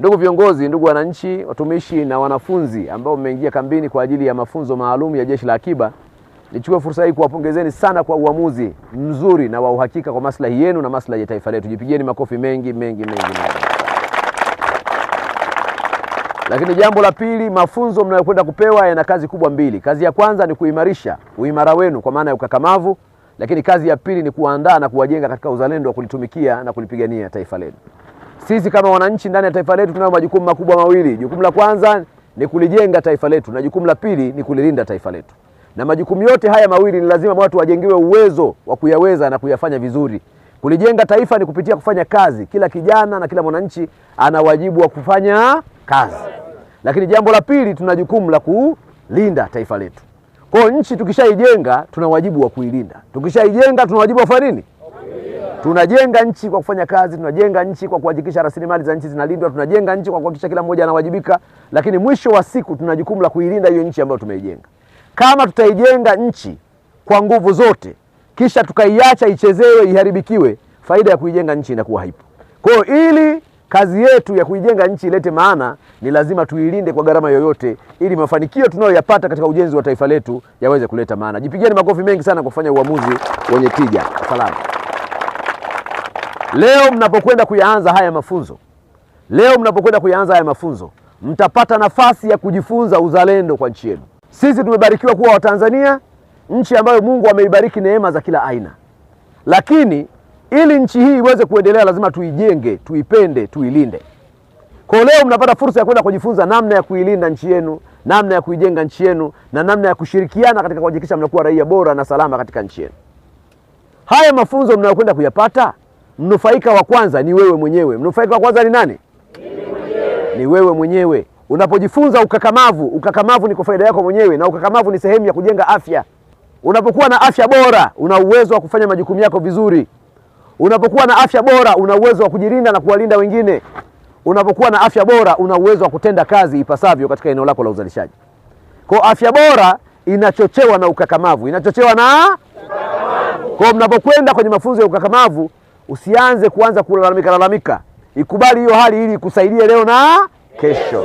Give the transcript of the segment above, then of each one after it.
Ndugu viongozi, ndugu wananchi, watumishi na wanafunzi ambao mmeingia kambini kwa ajili ya mafunzo maalum ya Jeshi la Akiba, nichukue fursa hii kuwapongezeni sana kwa uamuzi mzuri na wa uhakika kwa maslahi yenu na maslahi ya taifa letu. Jipigieni makofi mengi mengi mengi, mengi. Lakini jambo la pili, mafunzo mnayokwenda kupewa yana kazi kubwa mbili. Kazi ya kwanza ni kuimarisha uimara wenu kwa maana ya ukakamavu, lakini kazi ya pili ni kuandaa na kuwajenga katika uzalendo wa kulitumikia na kulipigania taifa letu sisi kama wananchi ndani ya taifa letu tunayo majukumu makubwa mawili. Jukumu la kwanza ni kulijenga taifa letu na jukumu la pili ni kulilinda taifa letu, na majukumu yote haya mawili ni lazima watu wajengiwe uwezo wa kuyaweza na kuyafanya vizuri. Kulijenga taifa ni kupitia kufanya kazi. Kila kijana na kila mwananchi ana wajibu wa kufanya kazi, lakini jambo la pili, tuna jukumu la kulinda taifa letu. Kwa nchi tukishaijenga, tuna wajibu wa kuilinda. Tukishaijenga, tuna wajibu wa kufanya nini? Tunajenga nchi kwa kufanya kazi, tunajenga nchi kwa kuhakikisha rasilimali za nchi zinalindwa, tunajenga nchi kwa kuhakikisha kila mmoja anawajibika, lakini mwisho wa siku tuna jukumu la kuilinda hiyo nchi ambayo tumeijenga. Kama tutaijenga nchi kwa nguvu zote kisha tukaiacha ichezewe, iharibikiwe, faida ya kuijenga nchi inakuwa haipo. Kwa hiyo ili kazi yetu ya kuijenga nchi ilete maana, ni lazima tuilinde kwa gharama yoyote, ili mafanikio tunayoyapata katika ujenzi wa taifa letu yaweze kuleta maana. Jipigieni makofi mengi sana kwa kufanya uamuzi wenye tija. Salamu. Leo mnapokwenda kuyaanza haya mafunzo, leo mnapokwenda kuyaanza haya mafunzo, mtapata nafasi ya kujifunza uzalendo kwa nchi yenu. Sisi tumebarikiwa kuwa Watanzania, nchi ambayo Mungu ameibariki neema za kila aina, lakini ili nchi hii iweze kuendelea lazima tuijenge, tuipende, tuilinde. Kwa leo mnapata fursa ya kwenda kujifunza namna ya kuilinda nchi yenu, namna ya kuijenga nchi yenu na namna ya kushirikiana katika kuhakikisha mnakuwa raia bora na salama katika nchi yenu. Haya mafunzo mnayokwenda kuyapata mnufaika wa kwanza ni wewe mwenyewe. Mnufaika wa kwanza ni nani? Ni wewe mwenyewe. Unapojifunza ukakamavu, ukakamavu ni kwa faida yako mwenyewe, na ukakamavu ni sehemu ya kujenga afya. Unapokuwa na afya bora, una uwezo wa kufanya majukumu yako vizuri. Unapokuwa na afya bora, una uwezo wa kujilinda na kuwalinda wengine. Unapokuwa na afya bora, una uwezo wa kutenda kazi ipasavyo katika eneo lako la uzalishaji. Kwa afya bora inachochewa na ukakamavu, inachochewa na ukakamavu. Kwa mnapokwenda kwenye mafunzo ya ukakamavu Usianze kuanza kulalamika lalamika, ikubali hiyo hali ili ikusaidie leo na kesho.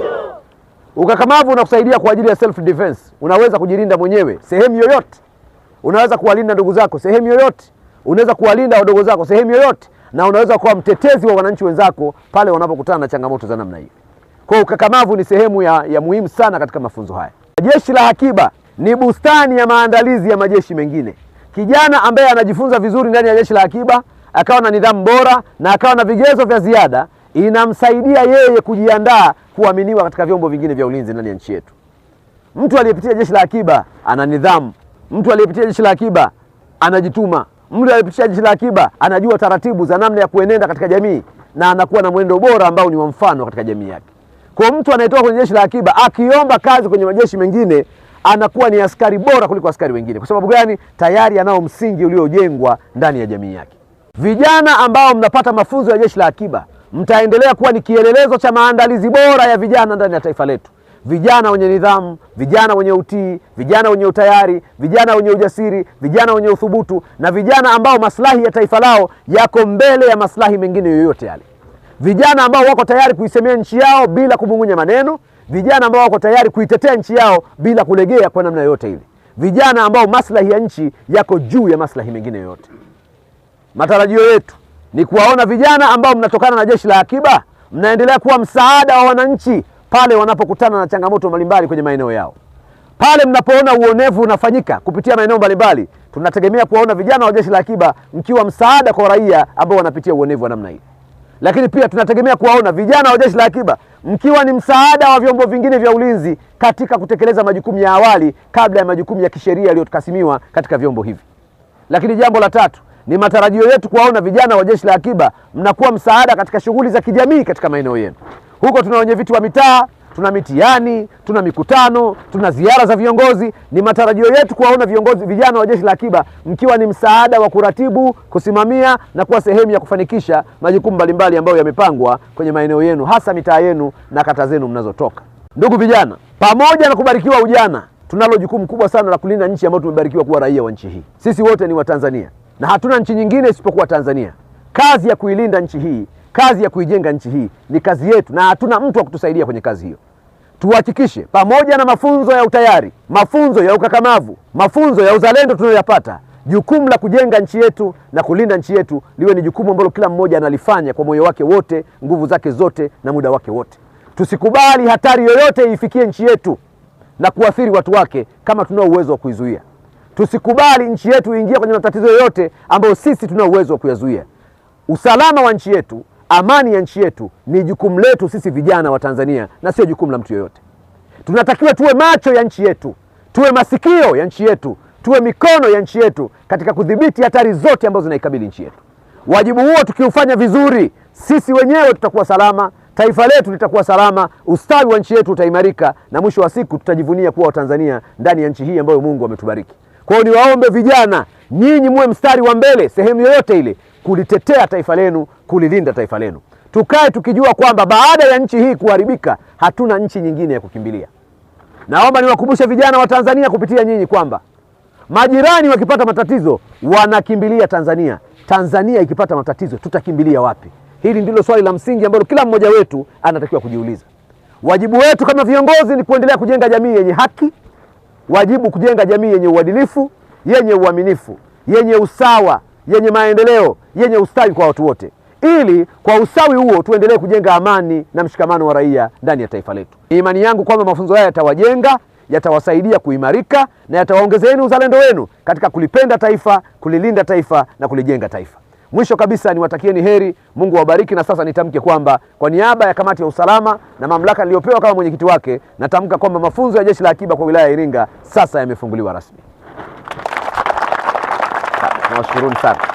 Ukakamavu unakusaidia kwa ajili ya self defense, unaweza kujilinda mwenyewe sehemu yoyote, unaweza kuwalinda ndugu zako sehemu yoyote, unaweza kuwalinda wadogo zako sehemu yoyote, na unaweza kuwa mtetezi wa wananchi wenzako pale wanapokutana na changamoto za namna hii. Kwa ukakamavu ni sehemu ya, ya muhimu sana katika mafunzo haya. Jeshi la Akiba ni bustani ya maandalizi ya majeshi mengine. Kijana ambaye anajifunza vizuri ndani ya jeshi la akiba akawa na nidhamu bora na akawa na vigezo vya ziada, inamsaidia yeye kujiandaa kuaminiwa katika vyombo vingine vya ulinzi ndani ya nchi yetu. Mtu aliyepitia jeshi la akiba ana nidhamu. Mtu aliyepitia jeshi la akiba anajituma. Mtu aliyepitia jeshi la akiba anajua taratibu za namna ya kuenenda katika jamii na anakuwa na mwenendo bora ambao ni wa mfano katika jamii yake. Kwa mtu anayetoka kwenye jeshi la akiba akiomba kazi kwenye majeshi mengine anakuwa ni askari bora kuliko askari wengine. Kwa sababu gani? Tayari anao msingi uliojengwa ndani ya jamii yake. Vijana ambao mnapata mafunzo ya Jeshi la Akiba mtaendelea kuwa ni kielelezo cha maandalizi bora ya vijana ndani ya taifa letu. Vijana wenye nidhamu, vijana wenye utii, vijana wenye utayari, vijana wenye ujasiri, vijana wenye uthubutu na vijana ambao maslahi ya taifa lao yako mbele ya maslahi mengine yoyote yale. Vijana ambao wako tayari kuisemea nchi yao bila kubungunya maneno, vijana ambao wako tayari kuitetea nchi yao bila kulegea kwa namna yoyote ile, vijana ambao maslahi ya nchi yako juu ya maslahi mengine yoyote. Matarajio yetu ni kuwaona vijana ambao mnatokana na jeshi la akiba mnaendelea kuwa msaada wa wananchi pale wanapokutana na changamoto mbalimbali kwenye maeneo yao. Pale mnapoona uonevu unafanyika kupitia maeneo mbalimbali, tunategemea kuwaona vijana wa jeshi la akiba mkiwa msaada kwa raia ambao wanapitia uonevu wa namna hii. Lakini pia tunategemea kuwaona vijana wa jeshi la akiba mkiwa ni msaada wa vyombo vingine vya ulinzi katika kutekeleza majukumu ya awali kabla ya majukumu ya kisheria yaliyokasimiwa katika vyombo hivi. Lakini jambo la tatu ni matarajio yetu kuwaona vijana wa Jeshi la Akiba mnakuwa msaada katika shughuli za kijamii katika maeneo yenu. Huko tuna wenyeviti wa mitaa, tuna mitihani, tuna mikutano, tuna ziara za viongozi. Ni matarajio yetu kuwaona viongozi vijana wa Jeshi la Akiba mkiwa ni msaada wa kuratibu, kusimamia na kuwa sehemu ya kufanikisha majukumu mbalimbali ambayo yamepangwa kwenye maeneo yenu, hasa mitaa yenu na kata zenu mnazotoka. Ndugu vijana, pamoja na kubarikiwa ujana tunalo jukumu kubwa sana la kulinda nchi ambayo tumebarikiwa kuwa raia wa nchi hii. Sisi wote ni Watanzania na hatuna nchi nyingine isipokuwa Tanzania. Kazi ya kuilinda nchi hii, kazi ya kuijenga nchi hii ni kazi yetu, na hatuna mtu wa kutusaidia kwenye kazi hiyo. Tuhakikishe pamoja na mafunzo ya utayari, mafunzo ya ukakamavu, mafunzo ya uzalendo tunayoyapata, jukumu la kujenga nchi yetu na kulinda nchi yetu liwe ni jukumu ambalo kila mmoja analifanya kwa moyo wake wote, nguvu zake zote, na muda wake wote. Tusikubali hatari yoyote ifikie nchi yetu na kuathiri watu wake kama tunao uwezo wa kuizuia. Tusikubali nchi yetu iingie kwenye matatizo yoyote ambayo sisi tuna uwezo wa kuyazuia. Usalama wa nchi yetu, amani ya nchi yetu ni jukumu letu sisi vijana wa Tanzania na sio jukumu la mtu yoyote. Tunatakiwa tuwe macho ya nchi yetu, tuwe masikio ya nchi yetu, tuwe mikono ya nchi yetu katika kudhibiti hatari zote ambazo zinaikabili nchi yetu. Wajibu huo tukiufanya vizuri, sisi wenyewe tutakuwa salama, taifa letu litakuwa salama, ustawi wa nchi yetu utaimarika, na mwisho wa siku tutajivunia kuwa Watanzania ndani ya nchi hii ambayo Mungu ametubariki. Kwa hiyo niwaombe vijana, nyinyi muwe mstari wa mbele sehemu yoyote ile, kulitetea taifa lenu, kulilinda taifa lenu. Tukae tukijua kwamba baada ya nchi hii kuharibika, hatuna nchi nyingine ya kukimbilia. Naomba niwakumbushe vijana wa Tanzania kupitia nyinyi kwamba majirani wakipata matatizo wanakimbilia Tanzania. Tanzania ikipata matatizo tutakimbilia wapi? Hili ndilo swali la msingi ambalo kila mmoja wetu anatakiwa kujiuliza. Wajibu wetu kama viongozi ni kuendelea kujenga jamii yenye haki wajibu kujenga jamii yenye uadilifu, yenye uaminifu, yenye usawa, yenye maendeleo, yenye ustawi kwa watu wote, ili kwa usawi huo tuendelee kujenga amani na mshikamano wa raia ndani ya taifa letu. Ni imani yangu kwamba mafunzo haya yatawajenga, yatawasaidia kuimarika na yatawaongezeeni uzalendo wenu katika kulipenda taifa, kulilinda taifa na kulijenga taifa. Mwisho kabisa niwatakieni heri, Mungu awabariki. Na sasa nitamke kwamba kwa niaba ya kamati ya usalama na mamlaka niliyopewa kama mwenyekiti wake, natamka kwamba mafunzo ya jeshi la akiba kwa wilaya ya Iringa sasa yamefunguliwa rasmi. Nawashukuruni sana.